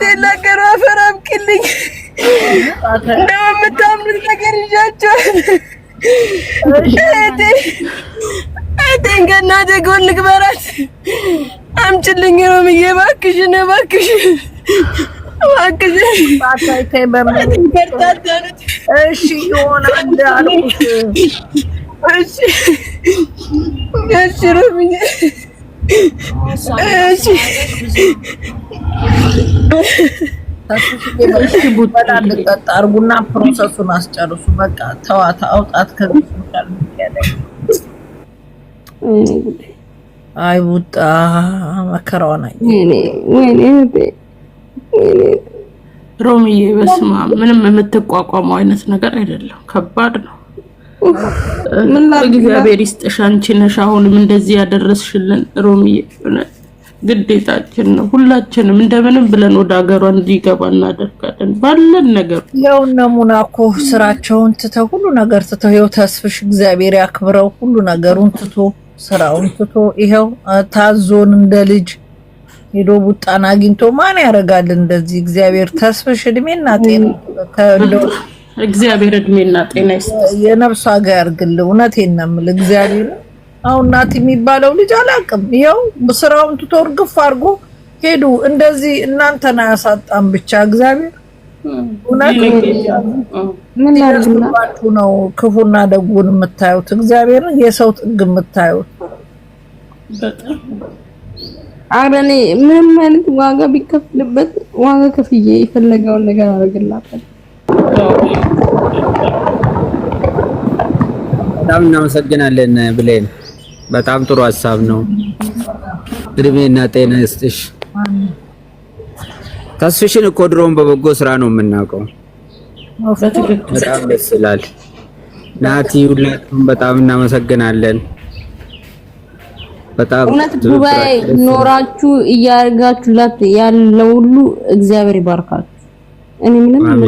ሽንቴን ላገሩ አፈር አብቅልኝ ነው የምታምኑት ነገር ይዣቸዋል። እህቴን ከእናቴ ጎን ልግበራት አምጪልኝ ነው ምዬ፣ እባክሽን እባክሽን እባክሽን በጣም ልጠጣ ፕሮሰሱን አስጨርሱ። በቃ ተዋት፣ አውጣት። አይ ቡጣ ሮሚዬ፣ በስመ አብ ምንም የምትቋቋመው አይነት ነገር አይደለም። ከባድ ነው። እግዚአብሔር ይስጥሽ። አንቺ ነሽ አሁንም እንደዚህ ያደረስሽልን ሮሚዬ። ግዴታችን ነው ሁላችንም እንደምንም ብለን ወደ ሀገሯ እንዲገባ እናደርጋለን ባለን ነገር። ያው እነ ሙና እኮ ስራቸውን ትተው ሁሉ ነገር ትተው ይኸው ተስፍሽ እግዚአብሔር ያክብረው ሁሉ ነገሩን ትቶ ስራውን ትቶ ይኸው ታዞን እንደ ልጅ ሄዶ ቡጣን አግኝቶ ማን ያደርጋል እንደዚህ። እግዚአብሔር ተስፍሽ እድሜና ጤና እግዚአብሔር እድሜና ጤና ይስጥ። የነፍሷ ጋር ያርግልህ። እውነቴን ነው የምልህ እግዚአብሔር አሁን ናቲ የሚባለው ልጅ አላውቅም። ይኸው ስራውን ትቶ እርግፍ አድርጎ ሄዱ። እንደዚህ እናንተን አያሳጣም ብቻ እግዚአብሔር ምን ያደርግላችሁ ነው ክፉና ደጉን የምታዩት? እግዚአብሔርን የሰው ጥግ የምታዩት? አረኔ እኔ ምንም አይነት ዋጋ ቢከፍልበት ዋጋ ከፍዬ የፈለገውን ነገር አደርግላታለሁ። በጣም እናመሰግናለን ብሌን፣ በጣም ጥሩ ሀሳብ ነው። እድሜና ጤና ይስጥሽ። ተስፍሽን እኮ ድሮውን በበጎ ስራ ነው የምናውቀው። በጣም ደስ ይላል። ናቲ፣ ሁላችሁም በጣም እናመሰግናለን። በጣም እውነት ጉባኤ ኖራችሁ እያደረጋችሁላት ያለው ሁሉ እግዚአብሔር ይባርካችሁ። እኔ ምንም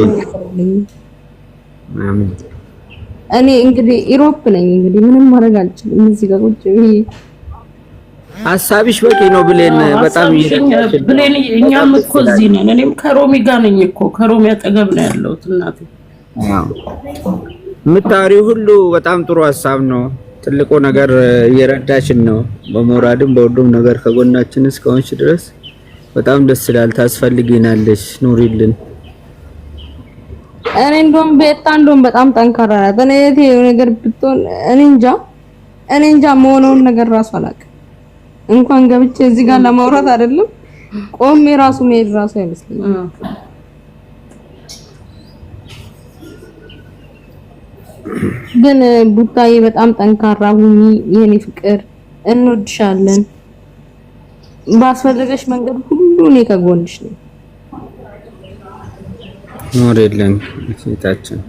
እኔ እንግዲህ ኢሮፕ ነኝ። እንግዲህ ምንም ማድረግ አልችልም። እዚህ ጋር ቁጭ ብዬ ሀሳብሽ በቂ ነው ብሌን። በጣም ብሌን፣ እኛም እኮ እዚህ ነን። እኔም ከሮሚ ጋር ነኝ እኮ ከሮሚ አጠገብ ነው ያለሁት። እናቴ የምታወሪው ሁሉ በጣም ጥሩ ሀሳብ ነው። ትልቁ ነገር እየረዳችን ነው፣ በሞራድም በሁሉም ነገር ከጎናችን እስከሆንሽ ድረስ በጣም ደስ ይላል። ታስፈልጊናለሽ፣ ኑሪልን እኔ እንደውም ቤታ እንደውም በጣም ጠንካራ ናት። እኔ እህቴ ነገር ብትሆን እኔ እንጃ እኔ እንጃ መሆነውን ነገር ራሱ አላውቅም። እንኳን ገብቼ እዚህ ጋር ለማውራት አይደለም ቆሜ ራሱ መሄድ ራሱ አይመስለኝም። ግን ቡታዬ በጣም ጠንካራ ሁኚ፣ የኔ ፍቅር፣ እንወድሻለን። ባስፈለገሽ መንገድ ሁሉ እኔ ከጎንሽ ነኝ። ኖር የለም ጌታችን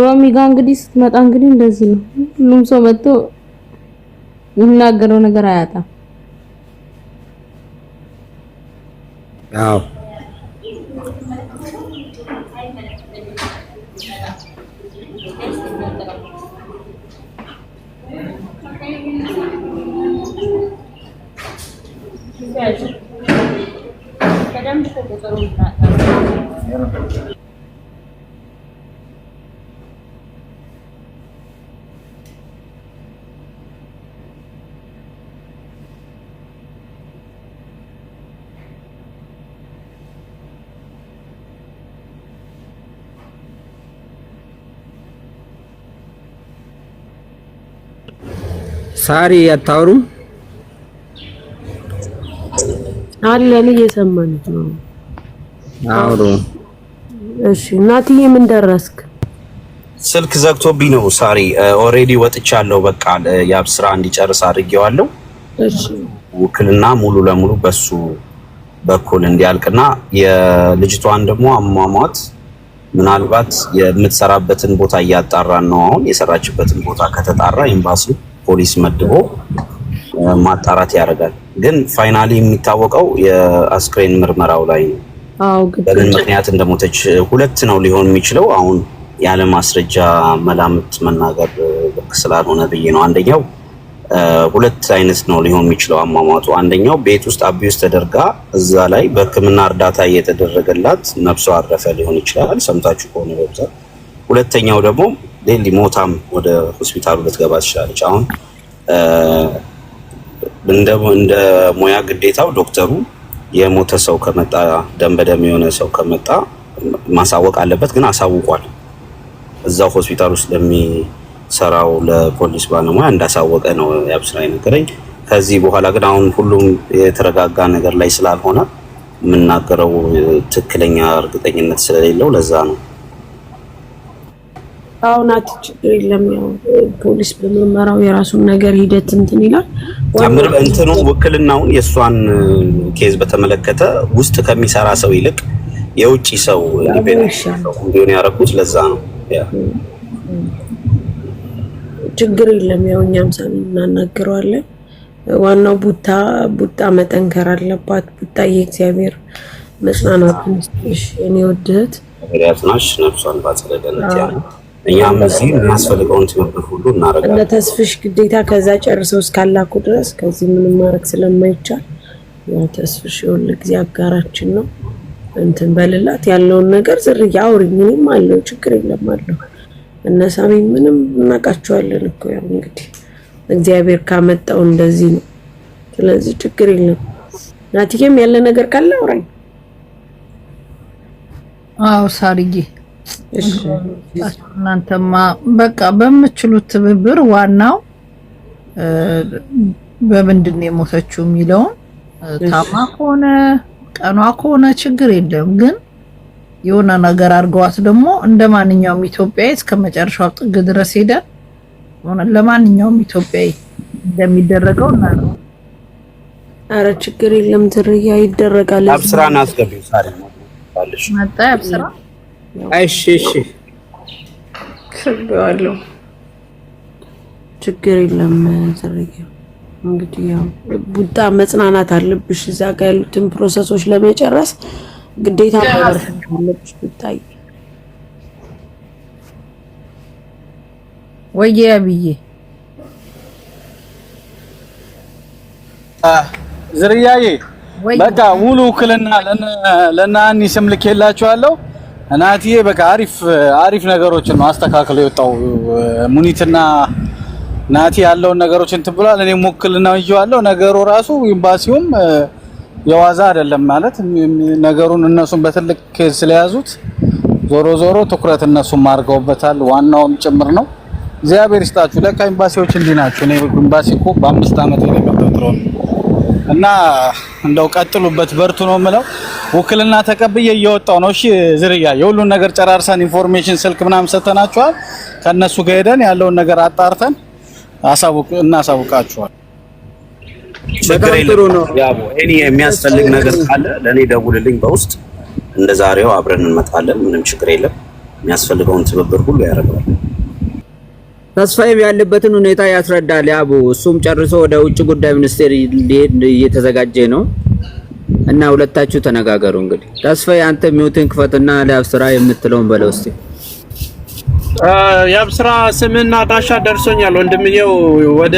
ሮሚ ጋር እንግዲህ ስትመጣ እንግዲህ እንደዚህ ነው። ሁሉም ሰው መጥቶ የሚናገረው ነገር አያጣም። Now. ሳሪ አታወሩም አለን እየሰማንት ነው። አውሩ። እሺ እናትዬ ምን ደረስክ? ስልክ ዘግቶብኝ ነው ሳሪ። ኦሬዲ ወጥቻለሁ። በቃ ያብ ስራ እንዲጨርስ አድርጌዋለሁ። እሺ ውክልና ሙሉ ለሙሉ በሱ በኩል እንዲያልቅና የልጅቷን ደግሞ አሟሟት ምናልባት የምትሰራበትን ቦታ እያጣራን ነው። አሁን የሰራችበትን ቦታ ከተጣራ ኤምባሲው ፖሊስ መድቦ ማጣራት ያደርጋል። ግን ፋይናሊ የሚታወቀው የአስክሬን ምርመራው ላይ ነው። በምን ምክንያት እንደሞተች ሁለት ነው ሊሆን የሚችለው። አሁን ያለ ማስረጃ መላምት መናገር ልክ ስላልሆነ ብዬ ነው። አንደኛው ሁለት አይነት ነው ሊሆን የሚችለው አሟሟቱ። አንደኛው ቤት ውስጥ አቢዩስ ተደርጋ እዛ ላይ በሕክምና እርዳታ እየተደረገላት ነፍሷ አረፈ ሊሆን ይችላል። ሰምታችሁ ከሆነ በብዛት ሁለተኛው ደግሞ ሌሊ ሞታም ወደ ሆስፒታሉ ልትገባ ትችላለች። አሁን እንደ ሙያ ግዴታው ዶክተሩ የሞተ ሰው ከመጣ ደም በደም የሆነ ሰው ከመጣ ማሳወቅ አለበት። ግን አሳውቋል። እዛው ሆስፒታል ውስጥ ለሚሰራው ለፖሊስ ባለሙያ እንዳሳወቀ ነው ያብስራ የነገረኝ። ከዚህ በኋላ ግን አሁን ሁሉም የተረጋጋ ነገር ላይ ስላልሆነ የምናገረው ትክክለኛ እርግጠኝነት ስለሌለው ለዛ ነው አሁን አት ችግር የለም። ያው ፖሊስ በምርመራው የራሱን ነገር ሂደት እንትን ይላል። እንትኑ ውክልናውን የእሷን ኬዝ በተመለከተ ውስጥ ከሚሰራ ሰው ይልቅ የውጭ ሰው እንዲሆን ያደረጉት ለዛ ነው። ችግር የለም። ያው እኛም ሰን እናናግረዋለን። ዋናው ቡታ ቡጣ መጠንከር አለባት። ቡጣ የእግዚአብሔር መጽናናቱን ስሽ እኔ ወድህት ያጽናሽ ነፍሷን ባጸደ ገነት ያ እኛም እዚህ የሚያስፈልገውን ትብብር ሁሉ እናደርጋለን። እነ ተስፍሽ ግዴታ ከዛ ጨርሰው እስካላኩ ድረስ ከዚህ ምንም ማድረግ ስለማይቻል ተስፍሽ የሁል ጊዜ አጋራችን ነው። እንትን በልላት ያለውን ነገር ዝርያ አውሪኝ። እኔም አለው ችግር የለም አለው። እነ ሳሚ ምንም እናውቃቸዋለን እኮ ያው እንግዲህ እግዚአብሔር ካመጣው እንደዚህ ነው። ስለዚህ ችግር የለም። ናቲዬም ያለ ነገር ካለ አውራኝ። አዎ ሳርዬ እናንተማ በቃ በምችሉት ትብብር ዋናው በምንድን ነው የሞተችው የሚለውን ታማ ከሆነ ቀኗ ከሆነ ችግር የለም ግን የሆነ ነገር አድርገዋት ደግሞ እንደ ማንኛውም ኢትዮጵያዊ እስከ መጨረሻው ጥግ ድረስ ሄደን ለማንኛውም ኢትዮጵያዊ እንደሚደረገው እና አረ ችግር የለም ዝርያ ይደረጋል። አብስራን አስገቢው ሳሪ መጣ አብስራ እሺ እሺ፣ ከብዋለሁ። ችግር የለም። ዘረጊ እንግዲህ ያው ቡታ መጽናናት አለብሽ። እዛ ጋር ያሉትን ፕሮሰሶች ለመጨረስ ግዴታ ማበረታት አለብሽ ቡታዬ። ወየ ዝርያዬ፣ በቃ ሙሉ ውክልና ስም ልኬላችኋለሁ። እናትዬ በቃ አሪፍ አሪፍ ነገሮችን ማስተካከል የወጣው ሙኒትና ናቲ ያለውን ነገሮች እንትን ብሏል። እኔም ውክልና ይዤዋለሁ። ነገሩ ራሱ ኤምባሲውም የዋዛ አይደለም ማለት ነገሩን እነሱን በትልቅ ስለያዙት ዞሮ ዞሮ ትኩረት እነሱም አድርገውበታል። ዋናውም ጭምር ነው። እግዚአብሔር ይስጣችሁ። ለካ ኤምባሲዎች እንዲህ ናቸው። እኔ ኤምባሲ እኮ በአምስት ዓመት የገባ እና እንደው ቀጥሉበት፣ በርቱ ነው የምለው። ውክልና ተቀብዬ እየወጣው ነው። እሺ ዝርያ የሁሉን ነገር ጨራርሰን ኢንፎርሜሽን ስልክ ምናምን ሰተናችኋል። ከነሱ ጋር ሄደን ያለውን ነገር አጣርተን አሳውቅ እናሳውቃችኋል። ችግር የለም እኔ የሚያስፈልግ ነገር ካለ ለእኔ ደውልልኝ በውስጥ እንደ ዛሬው አብረን እንመጣለን። ምንም ችግር የለም። የሚያስፈልገውን ትብብር ሁሉ ያደርገዋል። ተስፋዬም ያለበትን ሁኔታ ያስረዳል። ያቡ እሱም ጨርሶ ወደ ውጭ ጉዳይ ሚኒስቴር ሊሄድ እየተዘጋጀ ነው እና ሁለታችሁ ተነጋገሩ። እንግዲህ ተስፋዬ አንተ ሚውቲንግ ክፈትና ለአብስራ የምትለውን በለው እስቲ። የአብስራ ስምና አድራሻ ደርሶኛል ወንድምየው። ወደ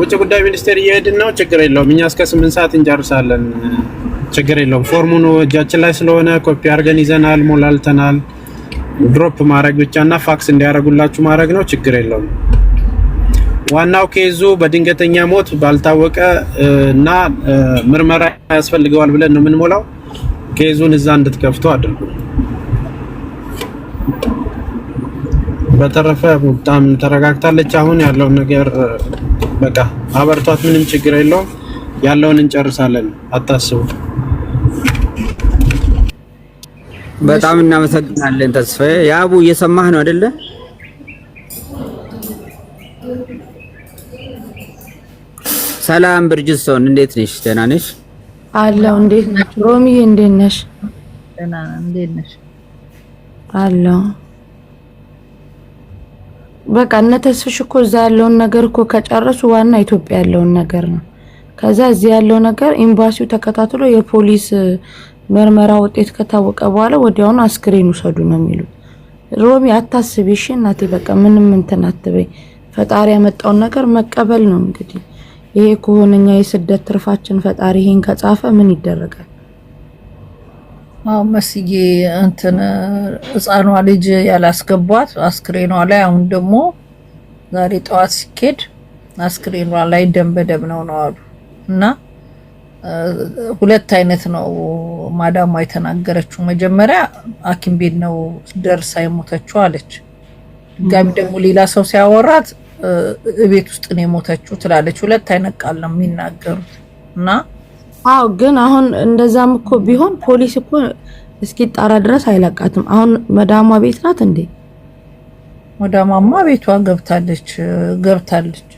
ውጭ ጉዳይ ሚኒስቴር እየሄድን ነው። ችግር የለውም እኛ እስከ ስምንት ሰዓት እንጨርሳለን። ችግር የለውም ፎርሙን እጃችን ላይ ስለሆነ ኮፒ አድርገን ይዘናል፣ ሞላልተናል። ድሮፕ ማድረግ ብቻ እና ፋክስ እንዲያደርጉላችሁ ማድረግ ነው። ችግር የለውም። ዋናው ኬዙ በድንገተኛ ሞት ባልታወቀ እና ምርመራ ያስፈልገዋል ብለን ነው የምንሞላው። ኬዙን እዛ እንድትከፍቱ አድርጉ። በተረፈ በጣም ተረጋግታለች። አሁን ያለውን ነገር በቃ አበርቷት፣ ምንም ችግር የለውም። ያለውን እንጨርሳለን፣ አታስቡ። በጣም እናመሰግናለን ተስፋዬ። ያቡ እየሰማህ ነው አይደለ? ሰላም ብርጅስቶን፣ እንዴት ነሽ? ደህና ነሽ? እንዴት ነሽ? ሮሚዬ እንዴት ነሽ? ደህና እንዴት ነሽ? አለሁ። በቃ እነ ተስፍሽ እኮ እዛ ያለውን ነገር እኮ ከጨረሱ ዋና ኢትዮጵያ ያለውን ነገር ነው። ከዛ እዚህ ያለው ነገር ኤምባሲው ተከታትሎ የፖሊስ ምርመራ ውጤት ከታወቀ በኋላ ወዲያውኑ አስክሬን ውሰዱ ነው የሚሉት። ሮሚ አታስቢ፣ እሺ እናቴ፣ በቃ ምንም እንትን አትበይ። ፈጣሪ ያመጣውን ነገር መቀበል ነው እንግዲህ። ይሄ ከሆነ እኛ የስደት ትርፋችን ፈጣሪ ይሄን ከጻፈ ምን ይደረጋል? አዎ መስዬ እንትን ህፃኗ ልጅ ያላስገቧት አስክሬኗ ላይ አሁን ደግሞ ዛሬ ጠዋት ሲኬድ አስክሬኗ ላይ ደም በደም ነው ነው አሉ እና ሁለት አይነት ነው ማዳሟ የተናገረችው። መጀመሪያ ሐኪም ቤት ነው ደርሳ የሞተችው አለች። ድጋሚ ደግሞ ሌላ ሰው ሲያወራት እቤት ውስጥ ነው የሞተችው ትላለች። ሁለት አይነት ቃል ነው የሚናገሩት እና አዎ፣ ግን አሁን እንደዛም እኮ ቢሆን ፖሊስ እኮ እስኪጣራ ድረስ አይለቃትም። አሁን መዳሟ ቤት ናት እንዴ? መዳሟማ ቤቷ ገብታለች ገብታለች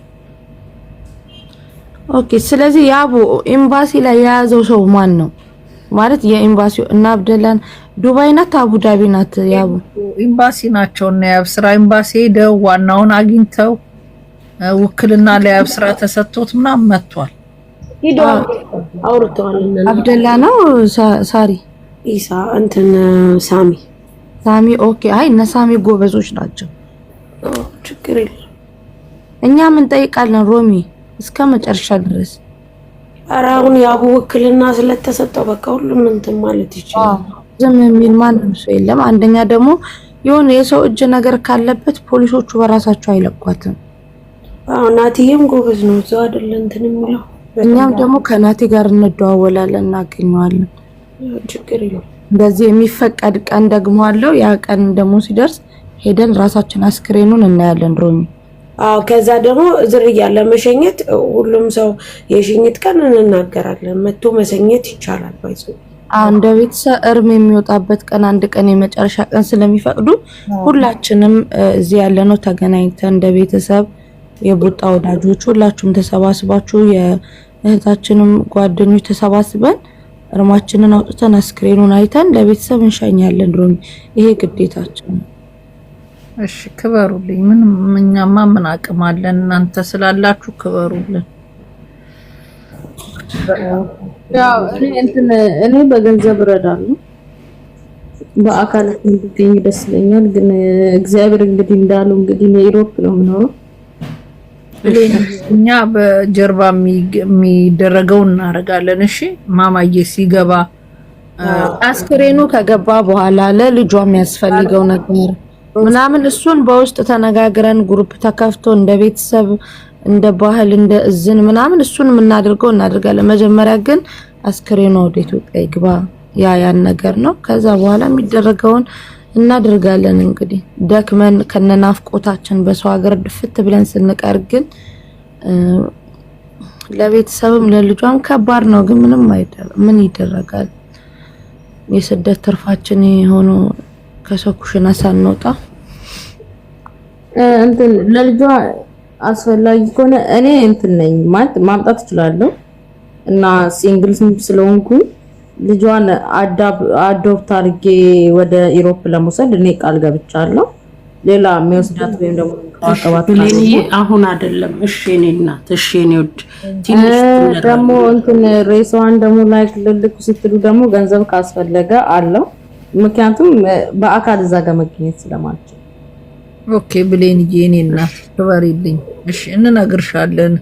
ኦኬ። ስለዚህ ያቡ ኤምባሲ ላይ የያዘው ሰው ማን ነው ማለት? የኤምባሲው እና አብደላን ዱባይ ናት አቡዳቢ ናት። ያቡ ኤምባሲ ናቸው እና የአብስራ ኤምባሲ ሄደው ዋናውን አግኝተው ውክልና ለአብስራ ተሰጥቶት ምናምን መጥቷል። አብደላ ነው ሳሪ ኢሳ እንትን ሳሚ ሳሚ ኦኬ። አይ እነ ሳሚ ጎበዞች ናቸው። ችግር የለም። እኛ ምን ጠይቃለን ሮሚ እስከ መጨረሻ ድረስ። ኧረ አሁን ያው ውክልና ስለተሰጠው በቃ ሁሉም እንትን ማለት ይችላል። ዝም የሚል ማንም ሰው የለም። አንደኛ ደግሞ የሆነ የሰው እጅ ነገር ካለበት ፖሊሶቹ በራሳቸው አይለቋትም። አዎ ናቲዬም ጎበዝ ነው። እዛው አይደለ እንትን የሚለው እኛም ደግሞ ከናቲ ጋር እንደዋወላለን፣ እናገኘዋለን። ችግር የለም። የሚፈቀድ ቀን ደግሞ አለው። ያ ቀን ደግሞ ሲደርስ ሄደን ራሳችን አስክሬኑን እናያለን ድሮኝ ከዛ ደግሞ ዝርያ ለመሸኘት ሁሉም ሰው የሽኝት ቀን እንናገራለን። መቶ መሰኘት ይቻላል። ባይዞ እንደ ቤተሰብ እርም የሚወጣበት ቀን አንድ ቀን የመጨረሻ ቀን ስለሚፈቅዱ ሁላችንም እዚህ ነው ተገናኝተን እንደ ቤተሰብ የቡጣ ወዳጆች ሁላችሁም ተሰባስባችሁ የእህታችንም ጓደኞች ተሰባስበን እርማችንን አውጥተን አስክሬኑን አይተን ለቤተሰብ እንሸኛለን። ድሮ ይሄ ግዴታችን ነው። እሺ ክበሩልኝ። ምን እኛማ ምን አቅም አለን? እናንተ ስላላችሁ ክበሩልን። ያው እኔ እንትን እኔ በገንዘብ እረዳለሁ፣ በአካል እንድገኝ ደስ ይለኛል። ግን እግዚአብሔር እንግዲህ እንዳለው እንግዲህ የኢሮፕ ነው የምኖረው። እኛ በጀርባ የሚደረገው እናደርጋለን። እሺ ማማዬ ሲገባ አስክሬኑ ከገባ በኋላ ለልጇ የሚያስፈልገው ነገር ምናምን እሱን በውስጥ ተነጋግረን ግሩፕ ተከፍቶ እንደ ቤተሰብ እንደ ባህል እንደ እዝን ምናምን እሱን የምናደርገው እናደርጋለን። መጀመሪያ ግን አስክሬኑ ወደ ኢትዮጵያ ይግባ፣ ያ ያን ነገር ነው። ከዛ በኋላ የሚደረገውን እናደርጋለን። እንግዲህ ደክመን ከነናፍቆታችን በሰው ሀገር ድፍት ብለን ስንቀር ግን ለቤተሰብም ለልጇም ከባድ ነው። ግን ምንም አይደለም። ምን ይደረጋል? የስደት ትርፋችን የሆኑ ከሰው ኩሽና ሳንወጣ እንትን ለልጇ አስፈላጊ ከሆነ እኔ እንትን ነኝ ማለት ማምጣት እችላለሁ እና ሲንግል ስለሆንኩኝ ልጇን አዶፕት አድርጌ ወደ ኢሮፕ ለመውሰድ እኔ ቃል ገብቻለሁ። ሌላ የሚወስዳት ወይም ደግሞ አሁን አይደለም። እሺ እኔ እናት፣ እሺ እኔ ውድ ደግሞ እንትን ሬሳዋን ደግሞ ላይክ ልልኩ ስትሉ ደግሞ ገንዘብ ካስፈለገ አለው ምክንያቱም በአካል እዛ ጋር መገኘት ስለማልችል። ኦኬ ብሌንዬ፣ እኔ እናት ክበሪልኝ። እሺ እንነግርሻለን፣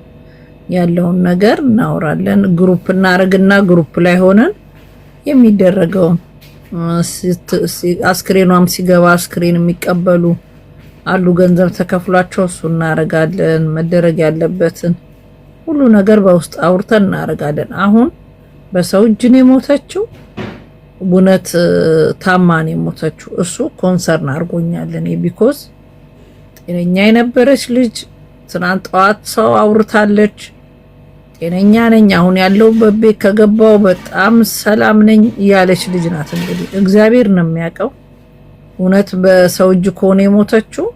ያለውን ነገር እናወራለን። ግሩፕ እናረግና ግሩፕ ላይ ሆነን የሚደረገውን አስክሬኗም ሲገባ አስክሬን የሚቀበሉ አሉ፣ ገንዘብ ተከፍሏቸው እሱ እናረጋለን። መደረግ ያለበትን ሁሉ ነገር በውስጥ አውርተን እናረጋለን። አሁን በሰው እጅ ነው የሞተችው እውነት ታማን የሞተችው እሱ ኮንሰርን አድርጎኛል። እኔ ቢኮዝ ጤነኛ የነበረች ልጅ ትናንት ጠዋት ሰው አውርታለች። ጤነኛ ነኝ፣ አሁን ያለሁበት ቤት ከገባው በጣም ሰላም ነኝ እያለች ልጅ ናት። እንግዲህ እግዚአብሔር ነው የሚያውቀው። እውነት በሰው እጅ ከሆነ የሞተችው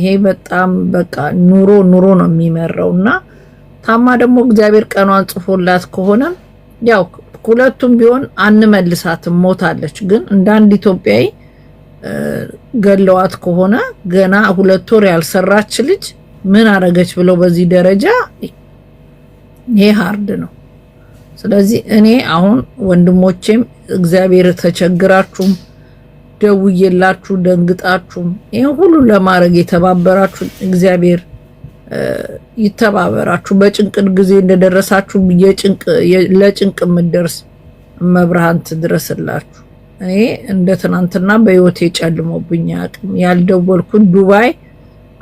ይሄ በጣም በቃ ኑሮ ኑሮ ነው የሚመራው እና ታማ ደግሞ እግዚአብሔር ቀኗን ጽፎላት ከሆነም ያው ሁለቱም ቢሆን አንመልሳትም፣ ሞታለች። ግን እንደ አንድ ኢትዮጵያዊ ገለዋት ከሆነ ገና ሁለት ወር ያልሰራች ልጅ ምን አረገች ብለው በዚህ ደረጃ ይሄ ሀርድ ነው። ስለዚህ እኔ አሁን ወንድሞቼም እግዚአብሔር ተቸግራችሁም ደውዬላችሁ ደንግጣችሁም ይሄ ሁሉ ለማድረግ የተባበራችሁ እግዚአብሔር ይተባበራችሁ። በጭንቅን ጊዜ እንደደረሳችሁ ለጭንቅ የምደርስ መብርሃን ትድረስላችሁ። እኔ እንደ ትናንትና በህይወቴ ጨልሞብኝ አቅም ያልደወልኩት ዱባይ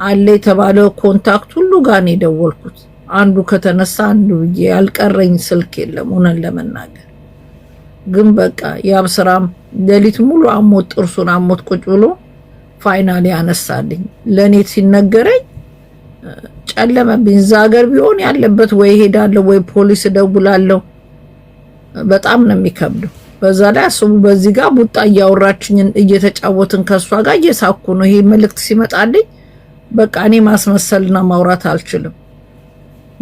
አለ የተባለ ኮንታክት ሁሉ ጋር ነው የደወልኩት። አንዱ ከተነሳ አንዱ ብዬ ያልቀረኝ ስልክ የለም። እውነን ለመናገር ግን በቃ ያብ ስራም ሌሊት ሙሉ አሞት ጥርሱን አሞት ቁጭ ብሎ ፋይናል ያነሳልኝ ለእኔ ሲነገረኝ ጨለመብኝ። እዛ ሀገር ቢሆን ያለበት ወይ ሄዳለሁ ወይ ፖሊስ እደውላለሁ። በጣም ነው የሚከብደው። በዛ ላይ አስቡ፣ በዚህ ጋር ቡጣ እያወራችኝን እየተጫወትን ከእሷ ጋር እየሳኩ ነው። ይሄ መልእክት ሲመጣልኝ በቃ እኔ ማስመሰልና ማውራት አልችልም።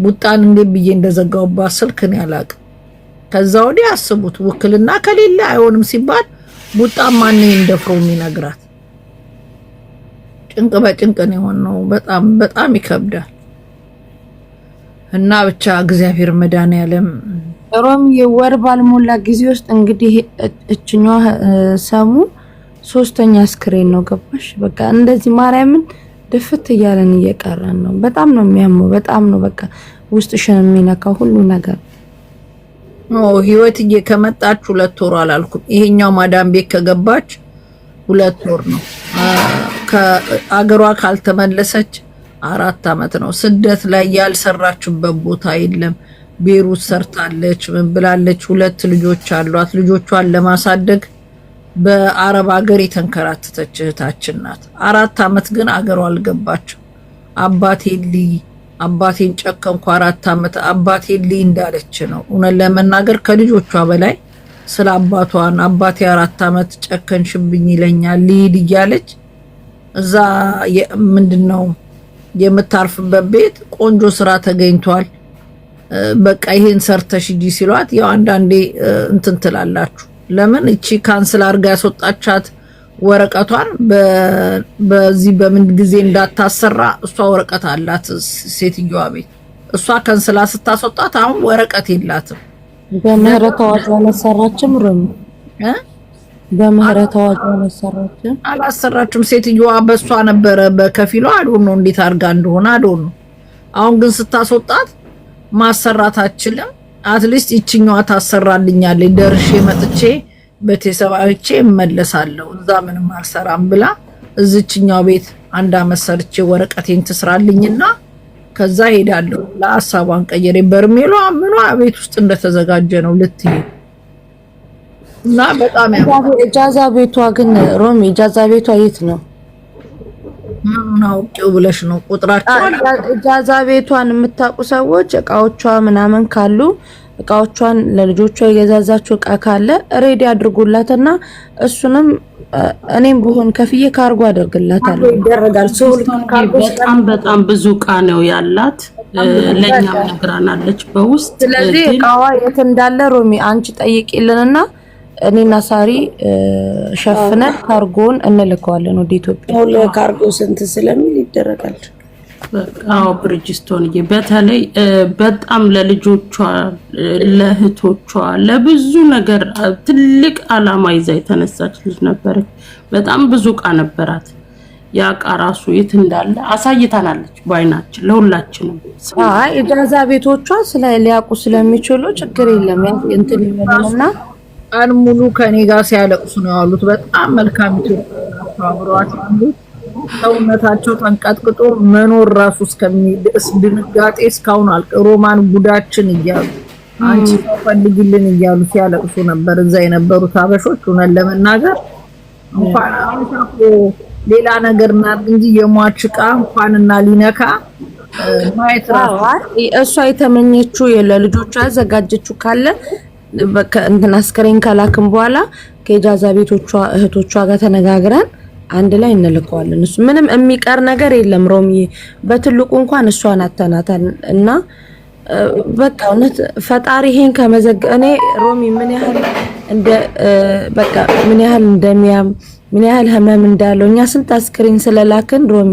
ቡጣን እንዴ ብዬ እንደዘጋውባት ስልክ ያላቅ። ከዛ ወዲህ አስቡት፣ ውክልና ከሌለ አይሆንም ሲባል ቡጣ ማን እንደፍሮ የሚነግራት ጭንቅ በጭንቅን የሆነው በጣም በጣም ይከብዳል። እና ብቻ እግዚአብሔር መድኃኒዓለም ሮም የወር ባልሞላ ጊዜ ውስጥ እንግዲህ እችኛ ሰሙ ሶስተኛ ስክሬን ነው ገባሽ? በቃ እንደዚህ ማርያምን ድፍት እያለን እየቀረን ነው። በጣም ነው የሚያመው። በጣም ነው በቃ ውስጥሽን የሚነካው ሁሉ ነገር ህይወትዬ ከመጣች ሁለት ወር አላልኩም። ይሄኛው ማዳም ቤት ከገባች ሁለት ወር ነው። ከአገሯ ካልተመለሰች አራት አመት ነው። ስደት ላይ ያልሰራችበት ቦታ የለም። ቤሩት ሰርታለች፣ ምን ብላለች። ሁለት ልጆች አሏት። ልጆቿን ለማሳደግ በአረብ ሀገር የተንከራተተች እህታችን ናት። አራት አመት ግን አገሯ አልገባችም። አባቴ ልይ አባቴን ጨከንኩ አራት አመት አባቴ ልይ እንዳለች ነው። እውነት ለመናገር ከልጆቿ በላይ ስለ አባቷን አባቴ አራት ጨከን ጨከንሽብኝ ይለኛል ሊድ እያለች እዛ ምንድን ነው የምታርፍበት ቤት ቆንጆ ስራ ተገኝቷል፣ በቃ ይሄን ሰርተሽ ሂጂ ሲሏት፣ ያው አንዳንዴ እንትን ትላላችሁ። ለምን እቺ ካንስል አድርጋ ያስወጣቻት ወረቀቷን በዚህ በምን ጊዜ እንዳታሰራ እሷ ወረቀት አላት ሴትዮዋ ቤት። እሷ ከንስላ ስታስወጣት አሁን ወረቀት የላትም። በምህረት አዋጅ አላሰራችም። ሩም በምህረት አዋጅ አላሰራችም አላሰራችም። ሴትዮዋ በሷ ነበረ በከፊሏ አዶን ነው እንዴት አድርጋ እንደሆነ አዶን ነው። አሁን ግን ስታስወጣት ማሰራት አችልም። አትሊስት ይችኛዋ ታሰራልኛለች፣ ደርሼ መጥቼ እመለሳለሁ፣ እዛ ምንም አልሰራም ብላ እዚችኛው ቤት አንድ አመት ሰርቼ ወረቀቴን ትስራልኝና ከዛ ሄዳለሁ ለሀሳቧን ቀየሬ በርሜሏ ምኗ ቤት ውስጥ እንደተዘጋጀ ነው ልትሄድ እና በጣም ኢጃዛ ቤቷ ግን ሮሚ ኢጃዛ ቤቷ የት ነው? ምኑን አውቄው ብለሽ ነው ቁጥራቸውን ኢጃዛ ቤቷን የምታውቁ ሰዎች እቃዎቿ ምናምን ካሉ እቃዎቿን ለልጆቿ የገዛዛቸው እቃ ካለ ሬዲ አድርጉላትና እሱንም እኔም ብሆን ከፍዬ ካርጎ አደርግላታለሁ። በጣም በጣም ብዙ እቃ ነው ያላት፣ ለእኛም ነግራናለች በውስጥ ስለዚህ እቃዋ የት እንዳለ ሮሚ አንቺ ጠይቂልንና እኔና ሳሪ ሸፍነን ካርጎን እንልከዋለን ወደ ኢትዮጵያ። ካርጎ ስንት ስለሚል ይደረጋል። አዎ ብርጅስቶንዬ በተለይ በጣም ለልጆቿ፣ ለእህቶቿ፣ ለብዙ ነገር ትልቅ አላማ ይዛ የተነሳች ልጅ ነበረች። በጣም ብዙ እቃ ነበራት። ያ እቃ ራሱ የት እንዳለ አሳይታናለች በአይናችን ለሁላችንም። ኢጃዛ ቤቶቿ ስለ ሊያውቁ ስለሚችሉ ችግር የለም እንትን ይሆንና ቀን ሙሉ ከኔ ጋር ሲያለቅሱ ነው ያሉት። በጣም መልካም ኢትዮጵያ አብረዋት ሰውነታቸው ተንቀጥቅጦ መኖር ራሱ ድንጋጤ እስካሁን አል ሮማን ጉዳችን እያሉ አንቺ ፈልግልን እያሉ ሲያለቅሱ ነበር እዛ የነበሩት አበሾች። እውነት ለመናገር እንኳን ሌላ ነገር እናድርግ እንጂ የሟች ዕቃ እንኳን እና ሊነካ ማየት እሷ የተመኘችው ለልጆቿ ያዘጋጀችው ካለ እንትን አስከሬን ከላክም በኋላ ከኢጃዛ ቤቶቿ እህቶቿ ጋር ተነጋግረን አንድ ላይ እንልከዋለን። እሱ ምንም የሚቀር ነገር የለም። ሮሚ በትልቁ እንኳን እሷን አተናታል እና በቃ እውነት ፈጣሪ ይሄን ከመዘግ እኔ ሮሚ ምን ያህል እንደ በቃ ምን ያህል እንደሚያም ምን ያህል ህመም እንዳለው እኛ ስንት አስክሪን ስለላክን ሮሚ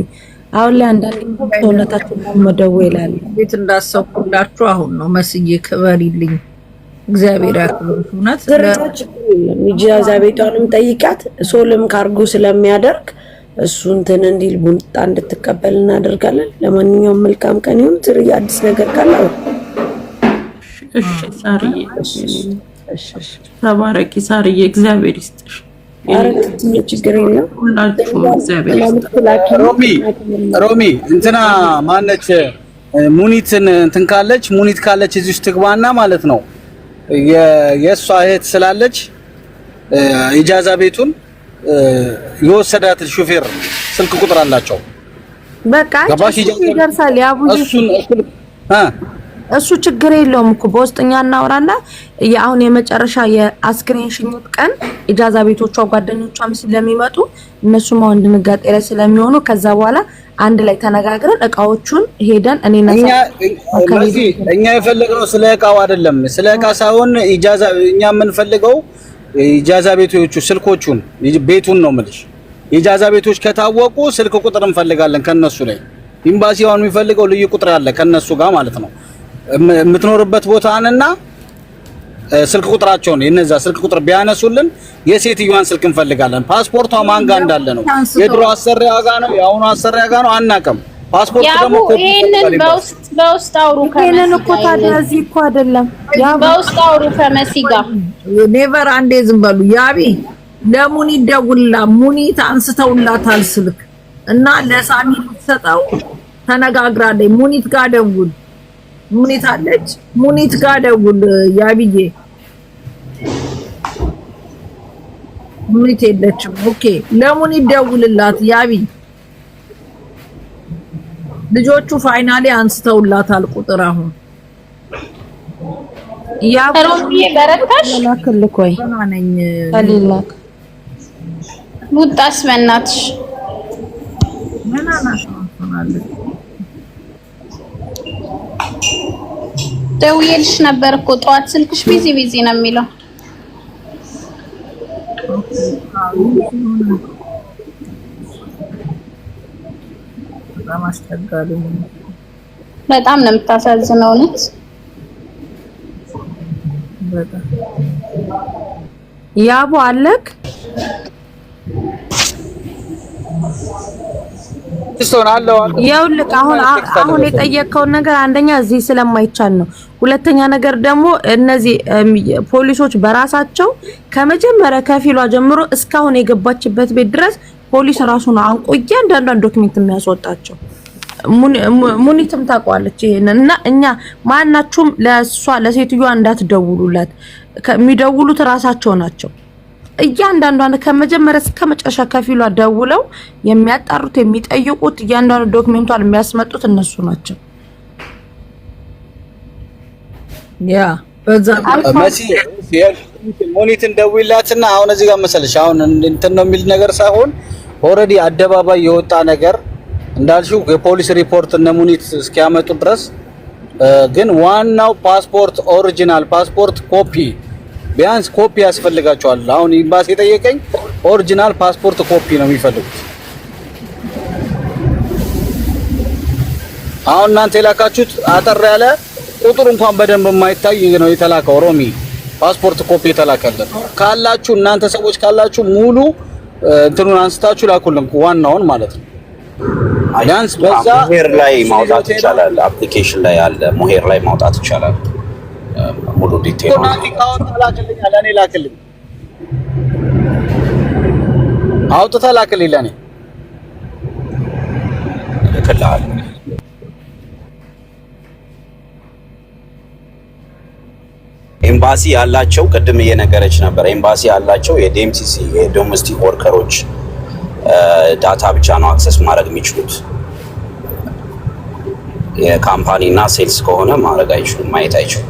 አሁን ላይ አንዳንድ ሰውነታችን መደወ ይላል ቤት እንዳሰብኩላችሁ አሁን ነው መስዬ ክበሪልኝ እግዚአብሔር ያክብሩት። ጃዛ ቤቷንም ጠይቃት። ሶልም ካርጎ ስለሚያደርግ እሱ እንትን እንዲል ቡንጣ እንድትቀበል እናደርጋለን። ለማንኛውም መልካም ቀን ይሁን። ትርዬ አዲስ ነገር ካለው ተባረቂ ሳርዬ፣ እግዚአብሔር ይስጥሽ። ችግር ሮሚ እንትና ማነች ሙኒትን እንትን ካለች ሙኒት ካለች እዚህ ውስጥ ትግባና ማለት ነው የእሷ እህት ስላለች ኢጃዛ ቤቱን የወሰዳት ሹፌር ስልክ ቁጥር አላቸው። በቃ ይደርሳል። እሱ ችግር የለውም እኮ በውስጥኛ እናወራና የአሁን የመጨረሻ የአስክሬን ሽኝት ቀን ኢጃዛ ቤቶቿ ጓደኞቿም ስለሚመጡ እነሱም አሁን ድንጋጤ ላይ ስለሚሆኑ ከዛ በኋላ አንድ ላይ ተነጋግረን እቃዎቹን ሄደን እኔ እኛ የፈለግነው ስለ እቃው አይደለም። ስለ እቃ ሳይሆን ኢጃዛ እኛ የምንፈልገው ኢጃዛ ቤቶቹ ስልኮቹን ቤቱን ነው የምልሽ። ኢጃዛ ቤቶች ከታወቁ ስልክ ቁጥር እንፈልጋለን ከነሱ ላይ። ኢምባሲ አሁን የሚፈልገው ልዩ ቁጥር አለ ከነሱ ጋር ማለት ነው። የምትኖርበት ቦታንና ስልክ ቁጥራቸውን የነዛ ስልክ ቁጥር ቢያነሱልን የሴትዮዋን ስልክ እንፈልጋለን። ፓስፖርቷ ማን ጋር እንዳለ ነው። የድሮ አሰሪያ ጋር ነው፣ የአሁኑ አሰሪያ ጋር ነው፣ አናውቅም። ፓስፖርት ደግሞ ይሄንን በውስጥ በውስጥ አውሩ ከመሲ ይሄንን እኮ ታዲያ እዚህ እኮ አይደለም። በውስጥ አውሩ ከመሲ ጋር ኔቨር አንዴ ዝም በሉ። ያቤ ለሙኒ ደውላ ሙኒት አንስተውላታል ስልክ እና ለሳሚ ልትሰጠው ተነጋግራለች። ሙኒት ጋር ደውል ሙኒት አለች። ሙኒት ጋር ደውል ያብዬ። ሙኒት የለችም። ኦኬ፣ ለሙኒት ደውልላት ያቢ። ልጆቹ ፋይናሌ አንስተውላታል ቁጥር አሁን ያሮቢ በረታሽ ላክልኮይ ነኝ ደውዬልሽ ነበር እኮ ጠዋት፣ ስልክሽ ቢዚ ቢዚ ነው የሚለው። በጣም ነው የምታሳዝነው እውነት። ያቡ አለክ ይኸውልህ አሁን አሁን የጠየቅከውን ነገር አንደኛ እዚህ ስለማይቻል ነው። ሁለተኛ ነገር ደግሞ እነዚህ ፖሊሶች በራሳቸው ከመጀመሪያ ከፊሏ ጀምሮ እስካሁን የገባችበት ቤት ድረስ ፖሊስ ራሱ ነው አንቆ እያንዳንዷን ዶክሜንት የሚያስወጣቸው። ሙኒትም ታውቀዋለች ይሄንን እና እኛ ማናችሁም ለእሷ ለሴትዮዋ እንዳትደውሉላት፣ የሚደውሉት ራሳቸው ናቸው። እያንዳንዷን ከመጀመሪያ እስከ መጨረሻ ከፊሏ ደውለው የሚያጣሩት የሚጠይቁት እያንዳንዱ ዶክሜንቷን የሚያስመጡት እነሱ ናቸው። ያ በዛ ሙኒትን ደውይላትና አሁን እዚህ ጋር መሰለሽ አሁን እንትን ነው የሚል ነገር ሳይሆን ኦልሬዲ አደባባይ የወጣ ነገር እንዳልሽው የፖሊስ ሪፖርት እነ ሙኒት እስኪያመጡ ድረስ ግን ዋናው ፓስፖርት ኦሪጂናል ፓስፖርት ኮፒ ቢያንስ ኮፒ ያስፈልጋቸዋል። አሁን ኢምባሲ የጠየቀኝ ኦሪጂናል ፓስፖርት ኮፒ ነው የሚፈልጉት። አሁን እናንተ የላካችሁት አጠር ያለ ቁጥሩ እንኳን በደንብ የማይታይ ነው የተላከው። ሮሚ ፓስፖርት ኮፒ የተላከልን ካላችሁ እናንተ ሰዎች ካላችሁ ሙሉ እንትኑን አንስታችሁ ላኩልን፣ ዋናውን ማለት ነው። ቢያንስ በዛ ሞሄር ላይ ማውጣት ይቻላል። አፕሊኬሽን ላይ አለ፣ ሞሄር ላይ ማውጣት ይቻላል። ሙሉ ዲቴል አውጥተህ ላክልኝ ለእኔ እልክልሃለሁ። ኤምባሲ ያላቸው ቅድም እየነገረች ነበር። ኤምባሲ ያላቸው የዲኤምሲሲ የዶሜስቲክ ወርከሮች ዳታ ብቻ ነው አክሰስ ማድረግ የሚችሉት። የካምፓኒ እና ሴልስ ከሆነ ማድረግ አይችሉም፣ ማየት አይችሉም።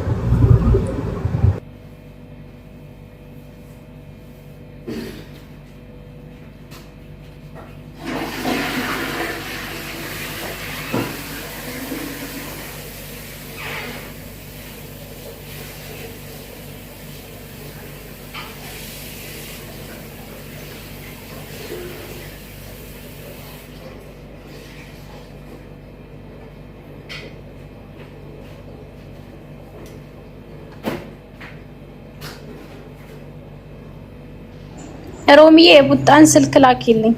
ሮሚዬ የቡጣን ስልክ ላኪልኝ።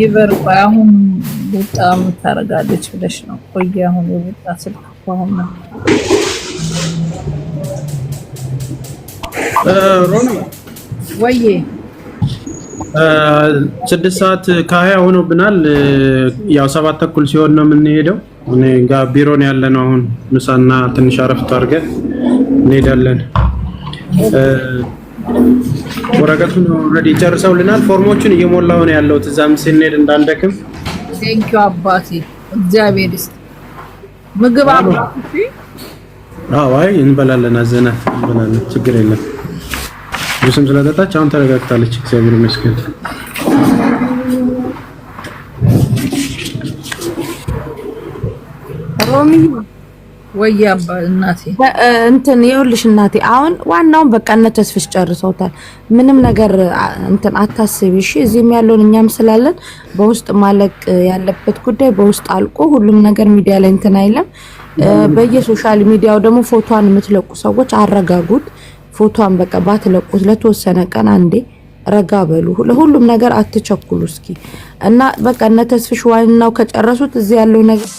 ይበር አሁን ቡጣ ምታደርጋለች ብለሽ ነው? ቆይ አሁን የቡጣ ስልክ አሁን ነው ሮሚ ወይ ስድስት ሰዓት ከሀያ ሆኖብናል። ያው ሰባት ተኩል ሲሆን ነው የምንሄደው። እኔ ጋር ቢሮ ነው ያለነው። አሁን ምሳና ትንሽ አረፍት አድርገን እንሄዳለን። ወረቀቱን ኦልሬዲ ጨርሰውልናል። ፎርሞቹን እየሞላው ነው ያለው። እዛም ስንሄድ እንዳንደክም። ቴንክ ዩ አባቴ፣ እግዚአብሔር ይስጥ። ምግብ አባቴ። አዎ፣ አይ እንበላለን፣ አዘናት እንበላለን። ችግር የለም። ብዙም ስለጠጣች አሁን ተረጋግታለች። እግዚአብሔር ይመስገን። ሎሚ ወይ አባ እናቴ እንትን ይኸውልሽ እናቴ አሁን ዋናውን በቃ እነ ተስፍሽ ጨርሰውታል። ምንም ነገር እንትን አታስቢ እሺ። እዚህም ያለውን እኛም ስላለን በውስጥ ማለቅ ያለበት ጉዳይ በውስጥ አልቆ ሁሉም ነገር ሚዲያ ላይ እንትን አይለም። በየሶሻል ሚዲያው ደግሞ ፎቶዋን የምትለቁ ሰዎች አረጋጉት። ፎቶዋን በቃ ባትለቁት ለተወሰነ ቀን አንዴ ረጋ በሉ። ለሁሉም ነገር አትቸኩሉ እስኪ እና በቃ እነ ተስፍሽ ዋናው ከጨረሱት እዚህ ያለው ነገር